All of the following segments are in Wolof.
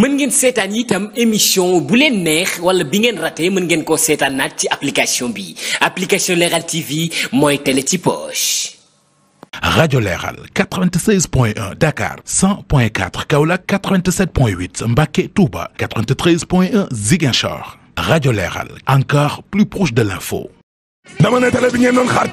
mën ngeen seetaan itam émission bu leen neex wala bi ngeen raté mën ngeen koo seetaan naat ci application bi application Leral TV mooy télé ci poche. rajo Leral 96.1 Dakar 100.4 Kaolack 87.8 Mbacké Touba 93.1 Ziguinchor rajo Leral encore plus proche de l'info. dama ne télé bi ngeen doon xaar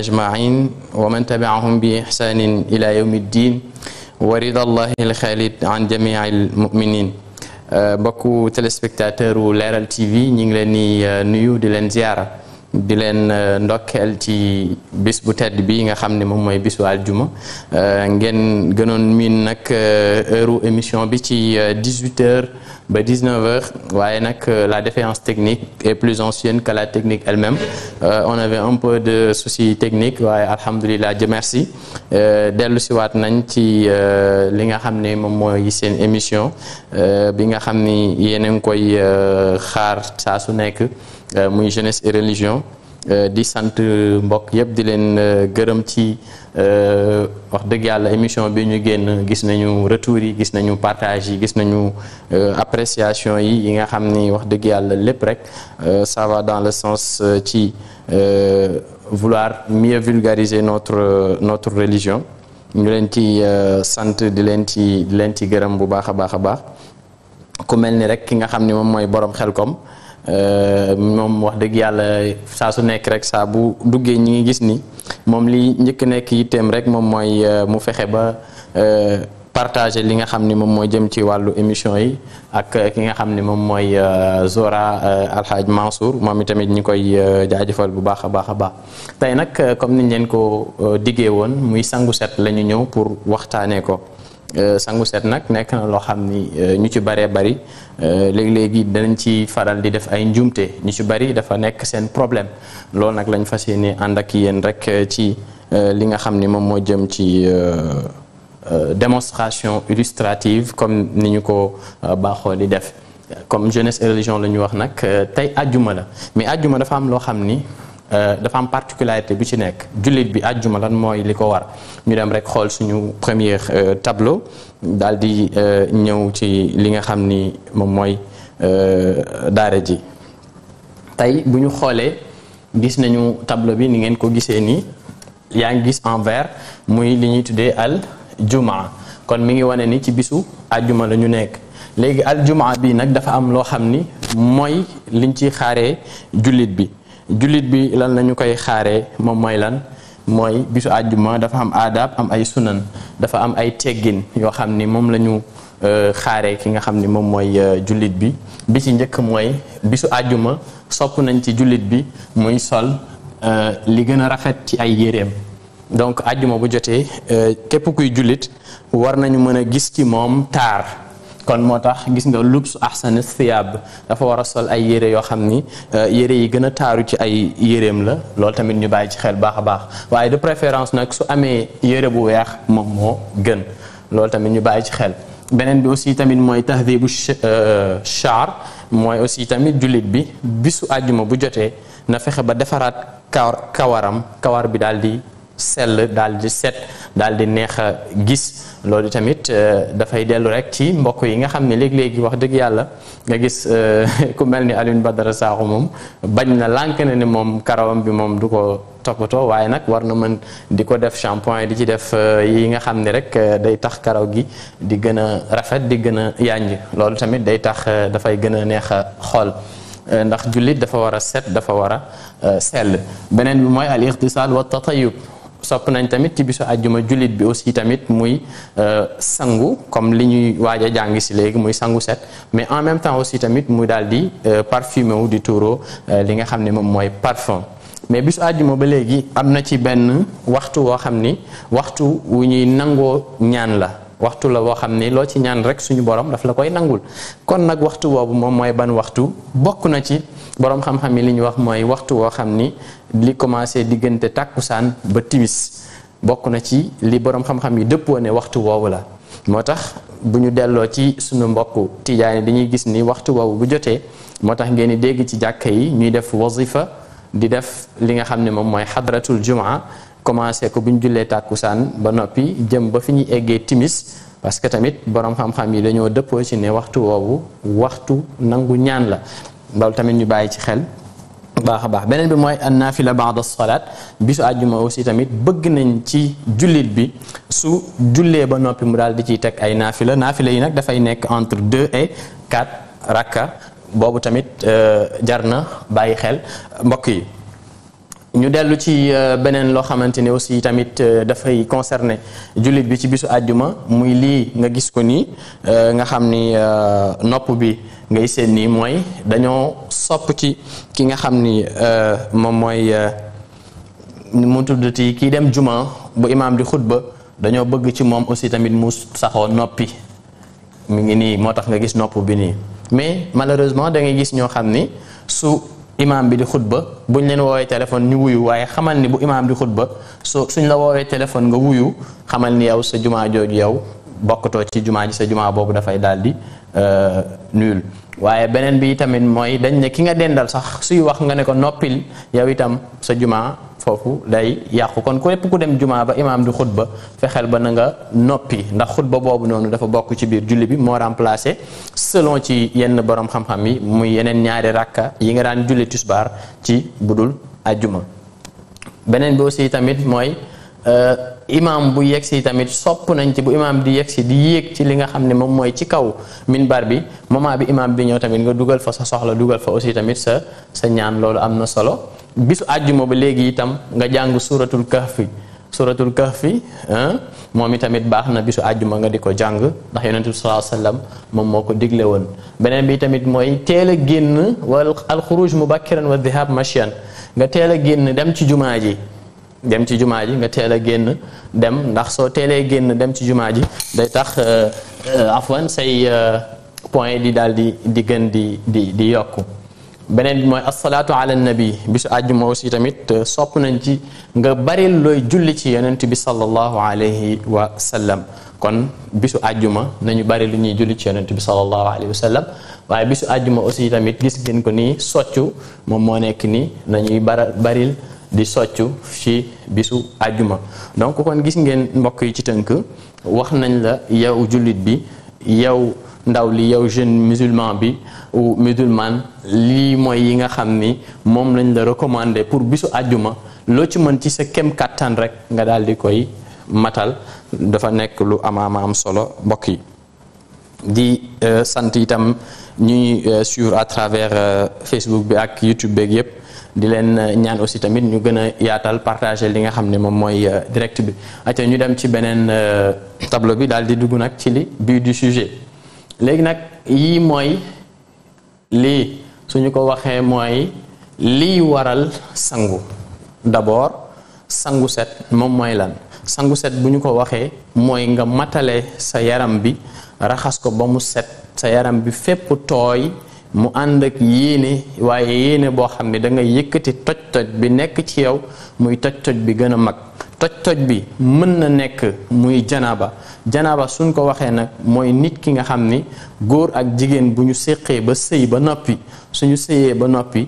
أجمعين ومن تبعهم بإحسان إلى يوم الدين ورضا الله الخالد عن جميع المؤمنين mbokku euh, téléspectateur u Leral TV ñu ngi leen di euh, nuyu di leen ziara di leen euh, ndokkeel ci bis bu tedd bi nga xam ne moom mooy bisu aljuma ngeen gënoon miin nag heure émission bi ci 18 heures ba 19h waaye nag euh, la défaillance technique est plus ancienne que la technique elle-même euh, on avait un peu de souci technique waaye alhamdulilah Dieu merci euh, dellu siwaat nañ ci li nga xam ne moom mooy seen émission bi nga xam ni yéen a ngi koy xaar saa su nekk muy jeunesse et religion Euh, di sant mbokk yëpp di leen euh, gërëm ci euh, wax dëgg yàlla émission bi ñu génn gis nañu retours yi gis nañu partage yi gis nañu appréciation yi yi nga xam ni wax dëgg yàlla lépp rek ça va dans le sens ci vouloir mieux vulgariser notre notre religion ñu leen ci sant di leen ci di leen ci gërëm bu baax a baax a baax ku mel ni rek ki nga xam ni moom mooy borom koom Euh, moom wax dëgg yàlla saa su nekk rek saa bu duggee ñi ngi gis ni moom li njëkk nekk yitteem rek moom mooy euh, mu fexe ba euh, partager li nga xam ni moom mooy jëm ci wàllu émission yi ak ki nga xam ni moom mooy Zora Alhaaj Mansour moom itamit ñi koy jaajëfal bu baax a baax a baax tey nag comme niñ leen ko diggee woon muy sangu set la ñu ñëw pour waxtaanee ko. Euh, sangu set nag nekk na loo xam ni euh, ñu ci baree bari euh, léegi-léegi danañ ci faral di def ay njuumte ñu ci bari dafa nekk seen problème loolu nag lañ fas yéene ànd ak yéen rek ci li nga xam ni moom moo jëm ci démonstration illustrative comme ni ñu ko baaxoo di def comme jeunesse et religion la ñu wax nag tey àjjuma la mais àjjuma dafa am loo xam ni Euh, dafa am particularité bi ci nekk jullit bi àjjuma lan mooy li ko war ñu dem rek xool suñu premier euh, tableau daal di euh, ñëw ci li nga xam ni moom mooy daara ji tey bu ñu xoolee gis nañu tableau bi ni ngeen ko gisee nii yaa ngi gis en vert muy li ñuy tuddee al jumaa kon mi ngi wane ni ci bisu àjjuma la ñu nekk léegi al jumaa bi nag dafa am loo xam ni mooy liñ ci xaaree jullit bi jullit bi lan la ñu koy xaaree moom mooy lan mooy bisu àjjuma dafa am aadab am ay sunan dafa am ay teggin yoo xam ni moom la ñu euh, xaaree ki nga xam ni moom mooy euh, jullit bi bi ci njëkk mooy bisu àjjuma sopp nañ ci jullit bi muy sol euh, li gën a rafet ci ay yéreem donc àjjuma bu jotee képp kuy jullit war nañu mën a gis ci moom taar kon moo tax gis nga lubs ahsana thiyaab dafa war a sol ay yére yoo xam ni euh, yére yi gën a taaru ci ay yéreem la loolu tamit ñu bàyyi ci xel baax a baax waaye de préférence nag su amee yére bu weex moom moo gën loolu tamit ñu bàyyi ci xel beneen bi aussi tamit mooy tahdibu char euh, mooy aussi tamit jullit bi bisu àjjuma bu jotee na fexe ba defaraat kawaram kawar bi daal di sell daal di set daal di neex gis loolu tamit euh, dafay dellu rek ci mbokk yi nga xam ne léegi-léegi wax dëgg yàlla nga gis euh, ku mel ni Alioune Badara Sakho moom bañ na lànk na ni moom karawam bi moom du ko toppatoo waaye nag war na mën di ko def shampoing di ci def euh, yi nga xam ne rek day tax karaw gi di gën a rafet di gën a yànj loolu tamit day tax dafay gën a neex a xool ndax jullit dafa war a set dafa war a sell beneen bi mooy al ixtisaal tatayub sopp nañ tamit ci bisu àjjuma jullit bi aussi tamit muy euh, sangu comme li ñuy waaja a jàng si léegi muy sangu set mais en même temps aussi tamit muy daal di euh, parfumé wu di tuuro euh, li nga xam ne moom mooy parfum mais bisu àjjuma ba léegi am na ci benn waxtu woo xam ni waxtu wu ñuy nangoo ñaan la waxtu la woo xam ni loo ci ñaan rek suñu borom daf la koy nangul kon nag waxtu boobu moom mooy ban waxtu bokk na ci boroom xam-xam yi li ñu wax mooy waxtu woo xam ni li commencé diggante tàkkusaan ba timis bokk na ci li boroom xam-xam yi dëppoo ne waxtu woowu la moo tax bu ñu delloo ci sunu mbokku tijaani dañuy gis ni waxtu woowu bu jotee moo tax ngeen di dégg ci jàkka yi ñuy def wazifa di def li nga xam ne moom mooy xadratul jumaa commencé ko bu ñu tàkkusaan ba noppi jëm ba fi ñuy eggee timis parce que tamit boroom xam yi dañoo dëppoo ci ne waxtu woowu waxtu nangu ñaan la ndaw tamit ñu bàyyi ci xel baax a baax beneen bi mooy an naafila baax baada salaat bisu àjjuma aussi tamit bëgg nañ ci jullit bi su jullee ba noppi mu daal di ciy teg ay naafila naafila yi nag dafay nekk entre deux et quatre rakka boobu tamit euh, jar na bàyyi xel mbokk yi ñu dellu ci euh, beneen loo xamante ne aussi tamit euh, dafay concerné jullit bi ci bisu àjjuma muy lii nga gis ko nii euh, nga xam ni nopp bi ngay séen nii mooy dañoo sopp ci ki nga xam ni moom mooy mu tuddati kii dem juma bu imaam di xutba dañoo bëgg ci moom aussi tamit mu saxoo noppi mu ngi nii moo tax nga gis nopp bi nii mais malheureusement da gis ñoo xam ni imaam bi di xutba buñ leen woowee téléphone ñu wuyu waaye xamal ni bu imaam di xutba soo suñ la woowee téléphone nga wuyu xamal ni yow sa jumaa jooju yow bokkatoo ci jumaa ji sa jumaa boobu dafay daal di euh, nul waaye beneen bi tamit mooy dañ ne ki nga dendal sax suy wax nga ne ko noppil yow itam sa jumaa foofu day yàqu kon ku lépp ku dem jumaa ba imaam di xutba fexeel ba na nga noppi ndax xutba boobu noonu dafa bokk ci biir julli bi moo remplacé selon ci yenn boroom xam-xam yi muy yeneen ñaari rakka yi nga daan julli tisbaar ci bu budul ajjuma beneen bi aussi tamit mooy euh, imaam bu yegsi tamit sopp nañ ci bu imaam di yegsi di yéeg ci li nga xam ne moom mooy ci kaw minbar bi moment bi imaam bi ñëw tamit nga dugal fa sa soxla dugal fa aussi tamit sa sa ñaan loolu am na solo bisu àjjuma ba léegi itam nga jàng suratul kahfi suratul kahfi moom itamit baax na bisu àjjuma nga di ko jàng ndax yonente bi salaa sallam moom moo ko digle woon beneen bi tamit mooy teel a génn wal alxuruj mubakiran wa dhihab mashian nga teel a génn dem ci jumaa ji dem ci jumaa ji nga teel a génn dem ndax soo teelee génn dem ci jumaa ji day tax euh, euh, afwan say euh, point di daal di di gën di di di yokku beneen bi mooy asalaatu ala nabi bisu àjjuma aussi tamit euh, sopp nañ ci nga bari looy julli ci yonent bi sallallahu alayhi wa sallam kon bisu àjjuma nañu bari lu ñuy julli ci yonent bi sallallahu alayhi wa sallam waaye bisu àjjuma aussi tamit gis ngeen ko nii soccu moom moo nekk nii nañuy bara baril di soccu ci bisu àjjuma donc kon gis ngeen mbokk yi ci tënk wax nañ la yow jullit bi yow ndaw li yow jeune musulman bi u musulman lii mooy yi nga xam ni moom lañ la recommander pour bisu àjjuma loo ci mën ci sa kem kàttan rek nga daal di koy matal dafa nekk lu amaam am solo mbokk yi di euh, sant itam ñuy euh, suivre à travers euh, Facebook bi ak YouTube beeg yëpp di leen ñaan aussi tamit ñu gën a yaatal partager li nga xam ne moom mooy direct bi. ate ñu dem ci beneen tableau bi daal di dugg nag ci li but du sujet. léegi nag yii mooy lii suñu ko waxee mooy liy waral sangu d'abord sangu set moom mooy lan sangu set bu ñu ko waxee mooy nga matale sa yaram bi raxas ko ba mu set sa yaram bi fépp tooy mu ànd ak yéene waaye yéene boo xam ne dangay nga yëkkati toj-toj bi nekk ci yow muy toj-toj bi gën a mag toj-toj bi mën na nekk muy janaba janaba suñ ko waxee nag mooy nit ki nga xam ni góor ak jigéen bu ñu séqee ba sëy ba noppi suñu sëyee ba noppi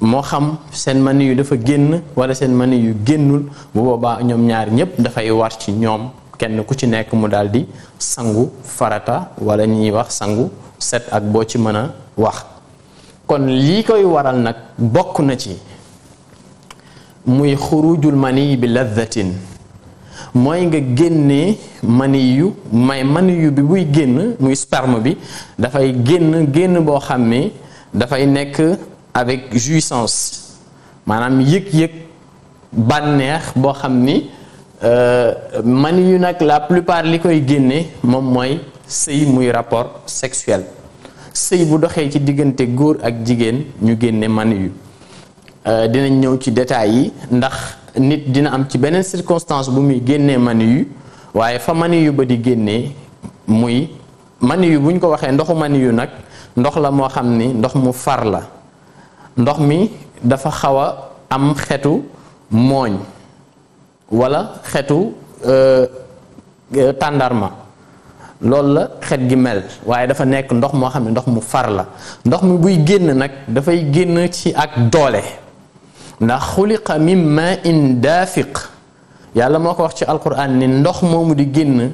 moo xam seen mani yu dafa génn wala seen mani yu génnul bu boobaa ñoom ñaar ñépp dafay war ci ñoom kenn ku ci nekk mu daldi sangu farata wala ñuy wax sangu set ak boo ci mën a wax kon lii koy waral nag bokk na ci muy xurujul mani bi laddatin mooy nga génne mani yu may mani yu bi buy génn muy sperme bi dafay génn génn boo xam ne dafay nekk avec jouissance maanaam yëg-yëg bànneex boo xam ni euh, mani yu nag la plupart li koy génne moom mooy sëy muy rapport sexuel sëy bu doxee ci diggante góor ak jigéen ñu génne mani yu Euh, dinañ ñëw ci détails yi ndax nit dina am ci beneen circonstance bu muy génnee mani yu waaye fa mani yu ba di génnee muy mani yu buñ ko waxee ndoxu mani yu nag ndox la moo xam ni ndox mu far la ndox mi dafa xaw a am xetu mooñ wala xetu euh, euh, tàndarma loolu la xet gi waaye dafa nekk ndox moo xam ne ndox mu far la ndox mi buy génn nag dafay génn ci ak doole ndax xuliqa min ma in daafiq yàlla moo ko wax ci alquran ni ndox moomu di génn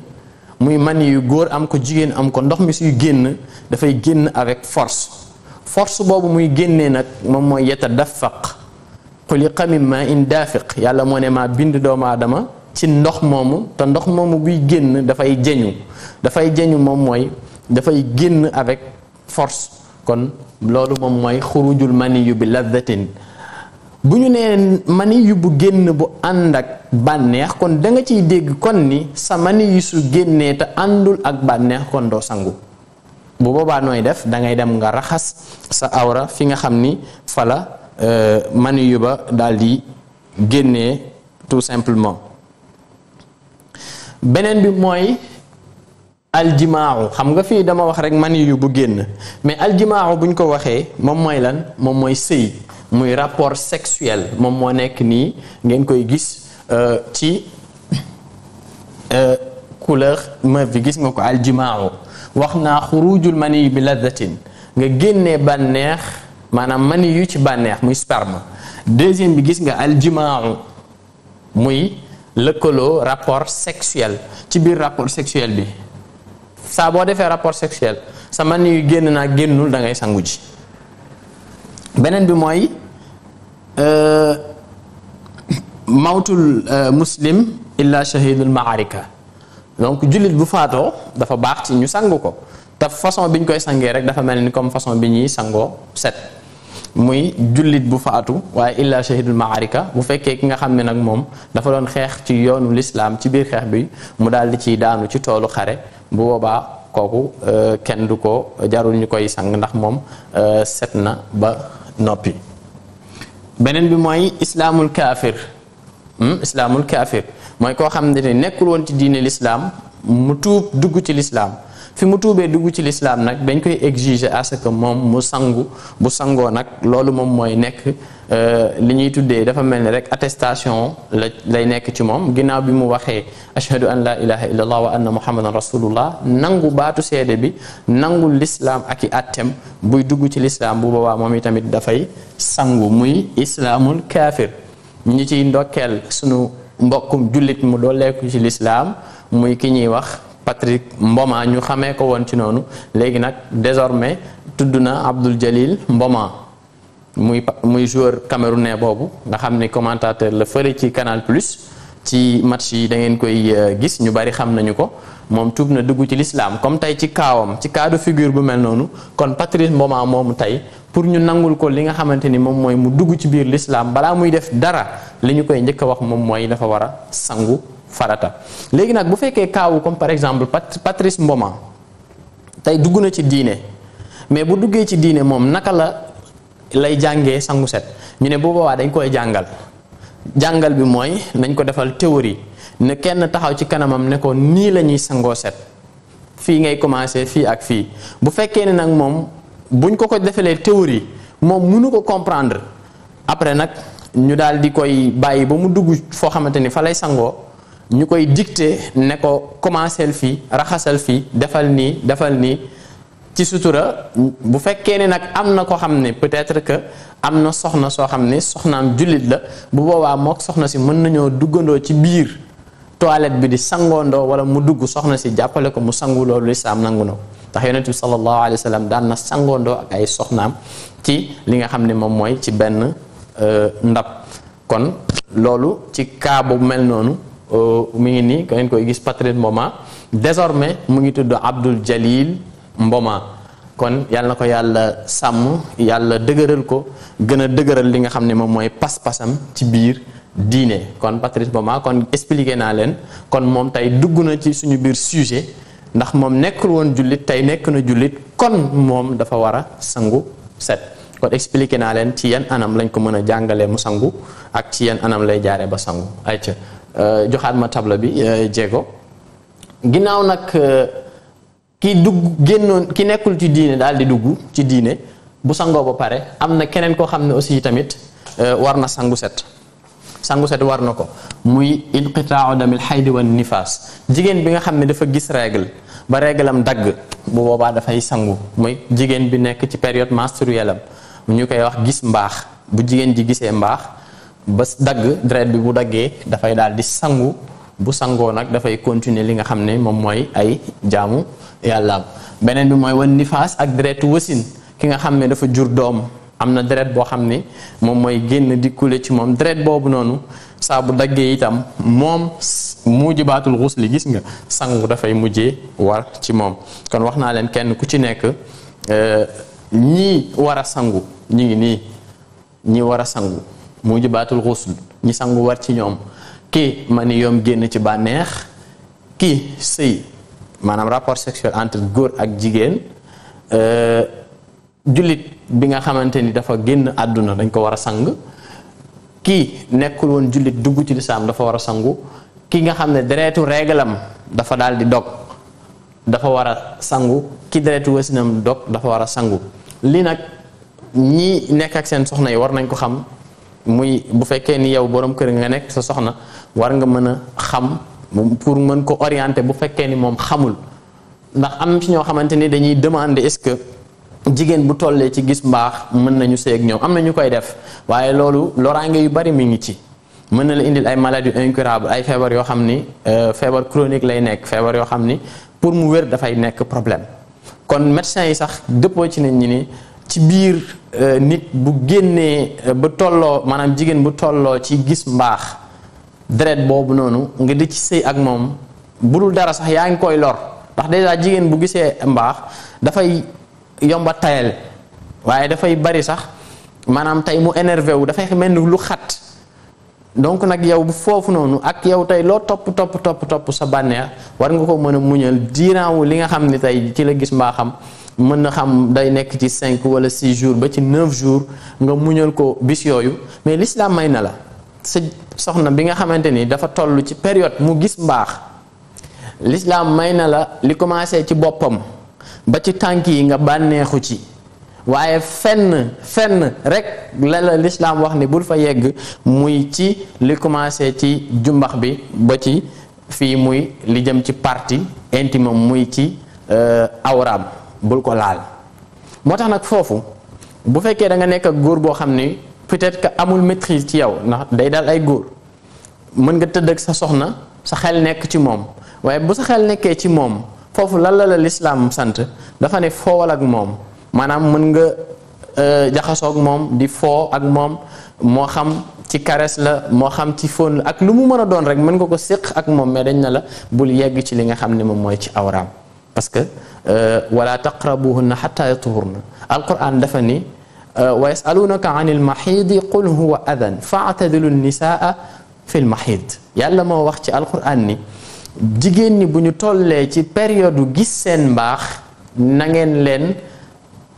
muy man yu góor am ko jigéen am ko ndox mi suy génn dafay génn avec force force boobu muy génnee nag moom mooy yetadafaq xuliqa min ma in daafiq yàlla moo ne maa bind doomu aadama ci ndox moomu te ndox moomu buy génn dafay jeñu dafay jeñu moom mooy dafay génn avec force kon loolu moom mooy xurujul mani yu bi lazzatin bu ñu nee mani yu bu génn bu ànd ak bànneex kon da nga ciy dégg kon ni sa mani yu su génnee te àndul ak bànneex kon doo sangu bu boobaa nooy def da ngay dem nga raxas sa awra fi nga xam ni fala la euh, mani yu ba daal di génnee tout simplement beneen bi mooy aljimaaxu xam nga fi dama wax rek mani yu bu génn mais aljimaaxu ñu ko waxee moom mooy lan moom mooy sëy muy rapport sexuel moom moo nekk nii ngeen koy gis euh, ci euh, couleur meuf bi gis nga ko aljimaaw wax naa xurujul mani bi ladatin nga génnee bànneex maanaam mani yu ci bànneex muy sperme deuxième bi gis nga aljimaaw muy lëkkaloo rapport sexuel ci biir rapport sexuel bi saa boo defee rapport sexuel sa mani yu génn naa génnul da ngay sangu ji beneen bi mooy Euh, mawtul euh, muslim illa shahidul maarika donc jullit bu faatoo dafa baax ci ñu sang ko te façon bi ñu koy sangee rek dafa mel ni comme façon bi ñuy sangoo set muy jullit bu faatu waaye illa shahidul maarika bu fekkee ki nga xam ne nag moom dafa doon xeex ci yoonu lislaam ci biir xeex bi mu daal di ciy daanu ci toolu xare bu boobaa kooku euh, kenn du ko jarul ñu koy sang ndax moom set na ba noppi beneen bi mooy islaamul kaafir hmm? islaamul kaafir mooy koo xam ne nekkul woon ci diine lislaam mu tuub dugg ci lislaam fi mu tuubee dugg ci lislaam nag dañ koy exiger à ce que moom mu sangu bu sangoo nag loolu moom mooy nekk Euh, li ñuy tuddee dafa mel ni rek attestation la lay nekk ci moom ginnaaw bi mu waxee ashhadu an laa ilaha illallah wa anna muhammadan rasulullah nangu baatu seede bi nangul lislaam ak i attem buy dugg ci lislaam bu boobaa moom itamit dafay sangu muy islaamul kaafir ñi ci ndokkeel suñu mbokkum jullit mu dooleeku ci lislaam muy ki ñuy wax Patrick mbomaa ñu xamee ko woon ci noonu léegi nag désormais tudd na Abdul Jalil Mboma muy muy joueur camerounais boobu nga xam ni commentateur la fële ci Canal Plus ci match yi dangeen koy euh, gis ñu bari xam nañu ko moom tuub na dugg ci lislaam comme tey ci kaawam ci cas de figure bu mel noonu kon Patrice Mboma moomu tey pour ñu nangul ko li nga xamante ni moom mooy mu dugg ci biir lislaam balaa muy def dara li ñu koy njëkk a wax moom mooy dafa war a sangu farata léegi nag bu fekkee kaawu comme par exemple Patrice Mboma tey dugg na ci diine la lay jàngee sangu set ñu ne bu boobaa dañ koy jàngal jàngal bi mooy nañ ko defal théorie ne kenn taxaw ci kanamam ne ko nii la ñuy sangoo set fii ngay commencé fii ak fii bu fekkee ne nag moom buñ ko ko defalee théorie moom mënu ko comprendre après nag ñu daal di koy bàyyi ba mu dugg foo xamante ni fa lay sangoo ñu koy dicter ne ko commencé fii raxasal fii defal nii defal nii ci sutura bu fekkee ne nag am na ko xam ne peut-être que am na soxna soo xam ne soxnaam jullit la bu boobaa mook soxna si mën nañoo duggandoo ci biir toilette bi di sangoondoo wala mu dugg soxna si jàppale ko mu sangu loolu lislaam nangu na ndax yonent bi sallallahu alayhi wa sallam daan na sangoondoo ak ay soxnaam ci li nga xam ne moom mooy ci benn euh, ndab kon loolu ci cas mel noonu euh, mu ngi nii ngeen koy gis patrimoine moment désormais mu ngi tudd Abdul Jalil mboma kon yàlla na ko yàlla sàmm yàlla dëgëral ko gën a dëgëral li nga xam ne moom mooy pas-pasam ci biir diine kon Patrice Mboma kon expliqué naa leen kon moom tey dugg na ci suñu biir sujet ndax moom nekkul woon jullit tey nekk na jullit kon moom dafa war a sangu set kon expliqué naa leen ci yan anam lañ ko mën a jàngalee mu sangu ak ci yan anam lay jaaree ba sangu ayca euh, joxaat ma table bi jéego euh, ginnaaw nag. Euh, ki dugg génnoon ki nekkul ci diine daal di dugg ci diine bu sangoo ba pare am na keneen koo xam ne aussi tamit euh, war na sangu set sangu set war na ko muy inqitaau xay xaydi wan nifaas jigéen bi nga xam ne dafa gis règle ba reglam dagg bu boobaa dafay sangu muy jigéen bi nekk ci période menstruelle am ñu koy wax gis mbaax bu jigéen ji gisee mbaax ba dagg deret bi bu daggee dafay daal di sangu bu sangoo nag dafay continuer li nga xam ne moom mooy ay jaamu yàllaam beneen bi mooy wan nifaas ak deretu wasin ki nga xam ne dafa jur doom am na deret boo xam ne moom mooy génn di kule ci moom deret boobu noonu saabu daggee itam moom mujibaatul li gis nga sangu dafay mujje war ci moom kon wax naa leen kenn ku ci nekk eh, ñi war a sangu ñu ngi nii ñi war a sangu mujibaatul xusl ñi sangu war ci ñoom ma kii maniyoom génn ci bànneex kii sëy maanaam rapport sexuel entre góor ak jigéen euh, jullit bi nga xamante ni dafa génn àdduna dañ ko war a sang kii nekkul woon jullit dugg ci lislaam dafa war a sangu ki nga xam ne deretu reglam dafa daal di dog dafa war a sangu ki deretu wasinam dog dafa war a sangu li nag ñi nekk ak seen soxna yi war nañ ko xam muy bu fekkee ni yow borom kër nga nekk sa soxna war nga mën a xam pour mën ko orienter bu fekkee ni moom xamul ndax am ci ñoo xamante ni dañuy demander est-ce que jigéen bu tollee ci gis mbaax mën nañu seeg ñoom am na ñu koy def waaye loolu loraange yu bari mi ngi ci mën na la indil ay maladies incurables ay feebar yoo xam ni euh, feebar chronique lay nekk feebar yoo xam ni pour mu wér dafay nekk problème kon médecins yi sax dëppoo ci nañ ñi ni ci biir euh, nit bu génnee euh, ba tolloo maanaam jigéen bu tolloo ci gis mbaax deret boobu noonu nga di ci sëy ak moom bu dul dara sax yaa ngi koy lor ndax dèjà jigéen bu gisee mbaax dafay yomba tayal waaye dafay bari sax maanaam tey mu énervé wu dafay mel ni lu xat donc nag yow bu foofu noonu ak yow tey loo topp topp topp topp sa bànneex war nga ko mën a muñal diiraawu li nga xam ne tey ci la gis mbaaxam mën na xam day nekk ci cinq wala 6 jours ba ci 9 jours nga muñal ko bis yooyu mais l'islam may na la. sa soxna bi nga xamante ni dafa tollu ci période mu gis mbaax lislaam may na la li commencé ci boppam ba ci tànk yi nga bànneexu ci waaye fenn fenn rek la la lislaam wax ni bul fa yegg muy ci li commencé ci jumbax bi ba ci fii muy li jëm ci partie intime muy ci euh, awraam bul ko laal moo tax nag foofu bu fekkee da nekk góor boo xam ni peut-être que amul maîtrise ci yow ndax day dal ay góor mën nga tëdd ak sa soxna sa xel nekk ci moom waaye bu sa xel nekkee ci moom foofu lan la la lislaam sant dafa ne foowal ak moom maanaam mën nga euh, jaxasoo ak moom di foo ak moom moo xam ci caresse la moo xam ci fóon la ak lu mu mën a doon rek mën nga ko séq ak moom mais dañ na la bul yegg ci li nga xam ne moom mooy ci awraam parce que euh, wala taqrabuhunna na yatuhurna alquran dafa ni ويسألونك عن المحيض قل هو أذى فاعتزلوا النساء في المحيض yàlla moo wax ci alquran ni jigéen ñi bu ñu tollee ci période gis seen mbaax na leen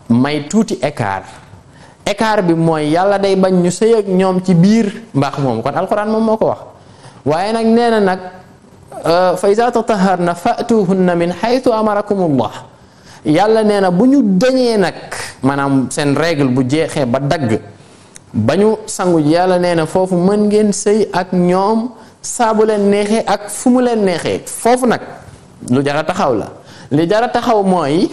may tuuti écart écart bi mooy yàlla day bañ ñu sëy ñoom ci biir mbaax moom kon alquran moom moo ko wax waaye nag nee nag euh, fa iza tataharna fa'tuhunna min haythu amarakumullah yàlla nee na bu ñu dañee nag maanaam seen règle bu jeexee ba dagg ba ñu sangu ji yàlla nee na foofu mën ngeen sëy ak ñoom saa bu leen neexee ak fu mu leen neexee foofu nag lu jara taxaw la li jara taxaw mooy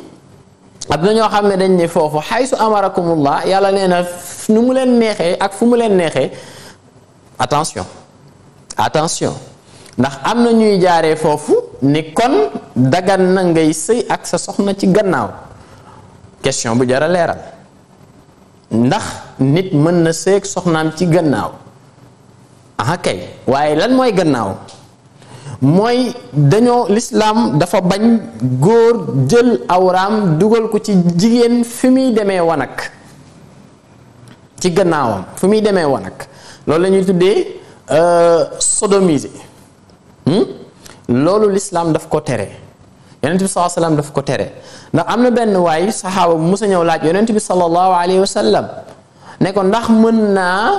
am na ñoo xam ne dañ ne foofu xaysu amarakumullah yàlla nee na nu mu leen neexee ak fu mu leen neexee attention attention ndax am na ñuy jaaree foofu ni kon dagan na ngay sëy ak sa soxna ci gannaaw question bu jar leeral ndax nit mën na sëy ak soxnaam ci gannaaw aha kay waaye lan mooy gannaaw mooy dañoo lislaam dafa bañ góor jël awraam dugal ko ci jigéen fi muy demee wanak ci gannaawam fi muy demee wanak loolu lañuy tuddee euh, sodomiser hmm? loolu lislaam daf ko tere yonent bi sallallahu alayhi daf ko tere ndax am na benn waay saxaaba bu musa ñëw laaj yonent bi sallallahu alayhi wa sallam ne ko ndax mën naa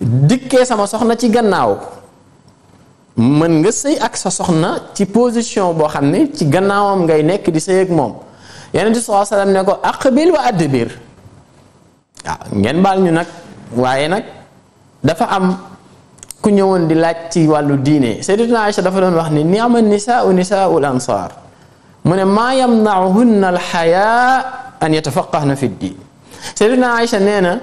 dikkee sama soxna ci gannaaw mën nga sëy ak sa soxna ci position boo xam ne ci gannaawam ngay nekk di sëy ak moom yonent bi sallallahu alayhi wa sallam ne ko aqbil wa adbir waaw ah, ngeen baal ñu nag waaye nag dafa am ku ñëwoon di laaj ci wàllu diine sayyidatuna Aïcha dafa doon wax ni ni ama nisaau nisaau l ansaar mu ne maa yamnaahunna alxayaa an yatafaqahna fi diin sayyidatuna Aïcha nee na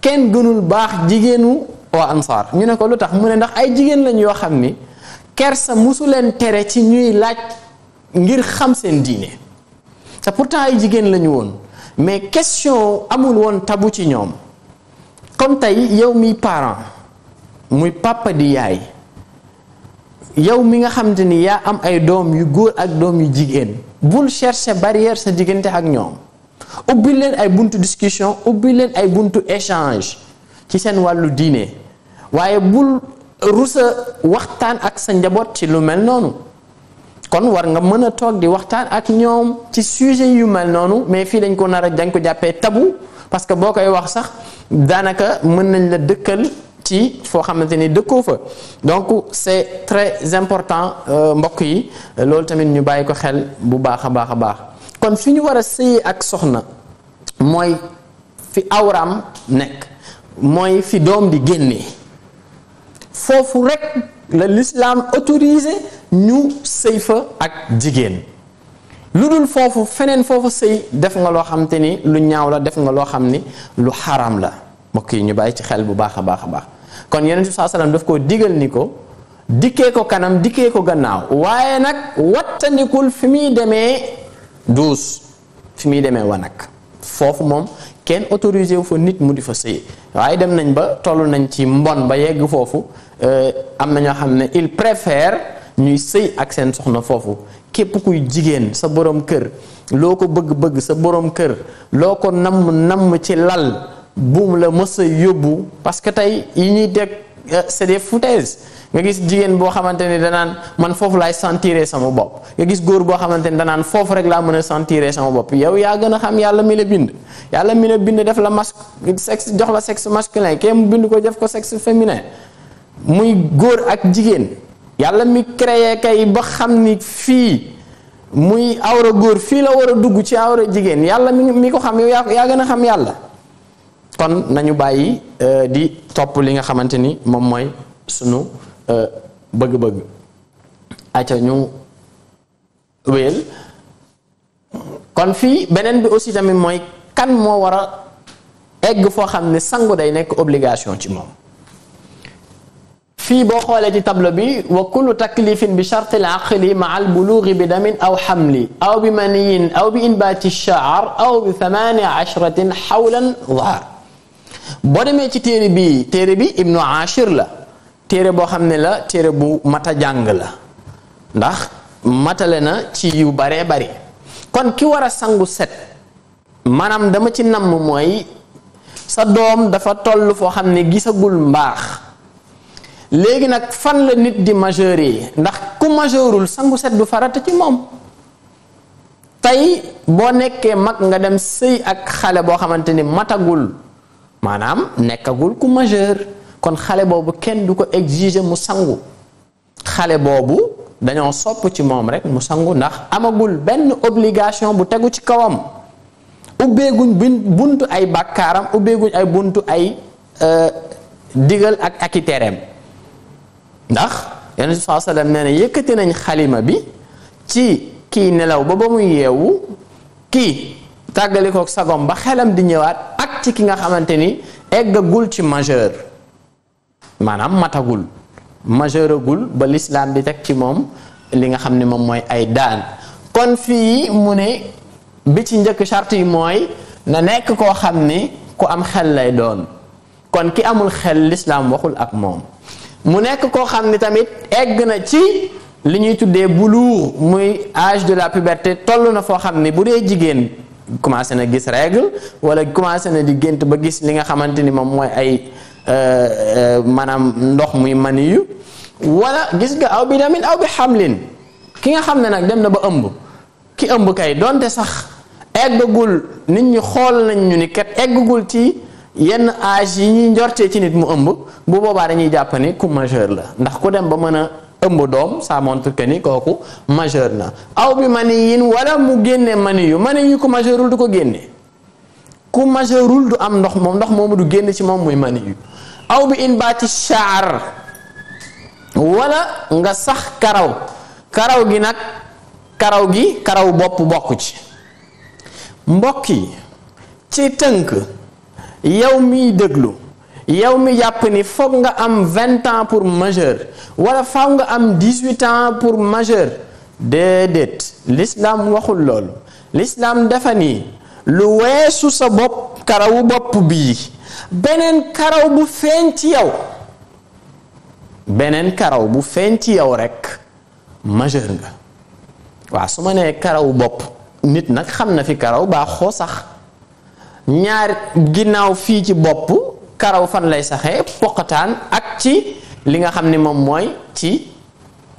kenn gënul baax jigéenu waa ansaar ñu ne ko lu tax mu ne ndax ay jigéen lañ yoo xam ni kersa musu leen tere ci ñuy laaj ngir xam seen diine te pourtant ay jigéen lañu woon mais question amul woon tabu ci ñoom comme tey yow mi parent muy papa yaay yow mi nga xamante ni yaa am ay doom yu góor ak doom yu jigéen bul chercher barrière sa diggante ak ñoom ubbi leen ay buntu discussion ubbi leen ay buntu échange ci seen wàllu diine waaye bul rusa waxtaan ak sa njaboot ci lu mel noonu kon war nga mën a toog di waxtaan ak ñoom ci sujet yu mel noonu mais fii dañ ko nar a dañ ko jàppee tabu parce que boo koy wax sax daanaka mën nañ la dëkkal ci foo xamante ni dëkkoo fa donc c'est très important euh, mbokk yi loolu tamit ñu bàyyi ko xel bu baax a baax a baax kon fi ñu war a sëy ak soxna mooy fi awraam nekk mooy fi doom di génnee foofu rekk la l'islam autorisé ñu sëy fa ak jigéen lu dul foofu feneen foofu sëy def nga loo xam ni lu ñaaw la def nga loo xam ni lu xaram la mbokk yi ñu bàyyi ci xel bu baax a baax a baax kon yeneen bi saa salaam daf koo digal ni ko dikkee ko kanam dikkee ko gannaaw waaye nag wattandikul fi muy demee duus fi muy demee wanag foofu moom kenn autorisé wu fa nit mu di fa sëy waaye dem nañ ba toll nañ ci mbon ba yegg foofu euh, am na ñoo xam ne il préfère ñuy sëy ak seen soxna foofu képp kuy jigéen sa borom kër loo ko bëgg-bëgg sa borom kër loo ko namm namm ci lal buum la mës yóbbu parce que tey yi ñuy teg euh, c'est des foutaises nga gis jigéen boo xamante ne danaan man foofu laay sentiré sama bopp nga gis góor boo xamante ne danaan foofu rek laa mën a sentiré sama bopp yow yaa gën a xam yàlla mi la bind yàlla mi bind def la mas sexe jox la sexe masculin kee mu bind ko def ko sexe féminin muy góor ak jigéen yàlla mi créé kay ba xam ni fii muy awra góor fii la war a dugg ci awra jigéen yàlla mi mi ko xam yow yaa yaa gën a xam yàlla kon nañu bàyyi euh, di topp li nga xamante ni moom mooy sunu euh, bëgg-bëgg aca ñu wéel kon fii beneen bi aussi tamit mooy kan moo war a egg foo xam ne sangu day nekk obligation ci moom fii boo xoolee ci tableau bi wa kullu taklifin bi charte l aqli ma al buluugi bi damin aw xamli aw bi maniyin aw bi inbaati shaar aw bi thamaani ashratin xawlan zahar boo demee ci téere bi téere bi ibnu ashir la téere boo xam ne la téere bu mata jàng la ndax matale na ci yu baree bari kon ki war a sangu set maanaam dama ci namm mooy sa doom dafa toll foo xam ne gisagul mbaax léegi nag fan la nit di majeur ndax ku majeurul sangu set du farata ci moom tey boo nekkee mag nga dem sëy ak xale boo xamante ni matagul maanaam nekkagul ku majeur kon xale boobu kenn du ko exiger mu sangu xale boobu dañoo sopp ci moom rek mu sangu ndax amagul benn obligation bu tegu ci kawam ubbeeguñ bunt ay bàkkaaram ubbeeguñ ay buntu ay euh, digal ak ak ndax yonent bi saa sallam nee na yëkkati nañ xalima bi ci kii nelaw ba ba muy yeewu kii tàggalikook sagom ba xelam di ñëwaat ak ci ki nga xamante ni eggagul ci majeur maanaam matagul majeuragul ba lislaam di teg ci moom li nga xam ni moom mooy ay daan kon fii mu ne bi ci njëkk charte yi mooy na nekk koo xam ni ku am xel lay doon kon ki amul xel lislaam waxul ak moom mu nekk koo xam ni tamit egg na ci li ñuy tuddee buluur muy age de la puberté toll na foo xam ni bu dee jigéen commencé na gis règle wala commencé na di gént ba gis li nga xamante ni moom mooy ay euh, euh, maanaam ndox muy maniyu wala gis nga aw bi tamit aw bi xamlin ki nga xam ne nag dem na ba ëmb ki ëmb kay donte sax eggagul nit ñi xool nañ ñu ni kat eggagul ci yenn age yi ñuy njorte ci nit mu ëmb bu boobaa dañuy jàpp ni ku la ndax ku dem ba mën ëmb doom ça montre ni kooku majeur na aw bi mani yin wala mu génne mani yu mani yu ku majeurul du ko génne ku majeurul du am ndox moom ndox moomu du génne ci moom muy mani yu aw bi in baati shaar wala nga sax karaw karaw gi nag karaw gi karaw bopp bokk ci mbokk yi ci tënk yow miy déglu yow mi jàpp ni foog nga am vingt ans pour majeur wala faaw nga am dix-huit ans pour majeur déedéet l'islam waxul loolu l'islam defa ni lu weesu sa bopp karawu bopp bii beneen karaw bu feeñ ci yow beneen karaw bu feeñ ci yow rekk majeur nga waaw su ma nee karawu bopp nit nag xam na fi karaw baaxoo sax ñaar ginnaaw fii ci bopp karaw fan lay saxee poqataan ak ci li nga xam ni moom mooy ci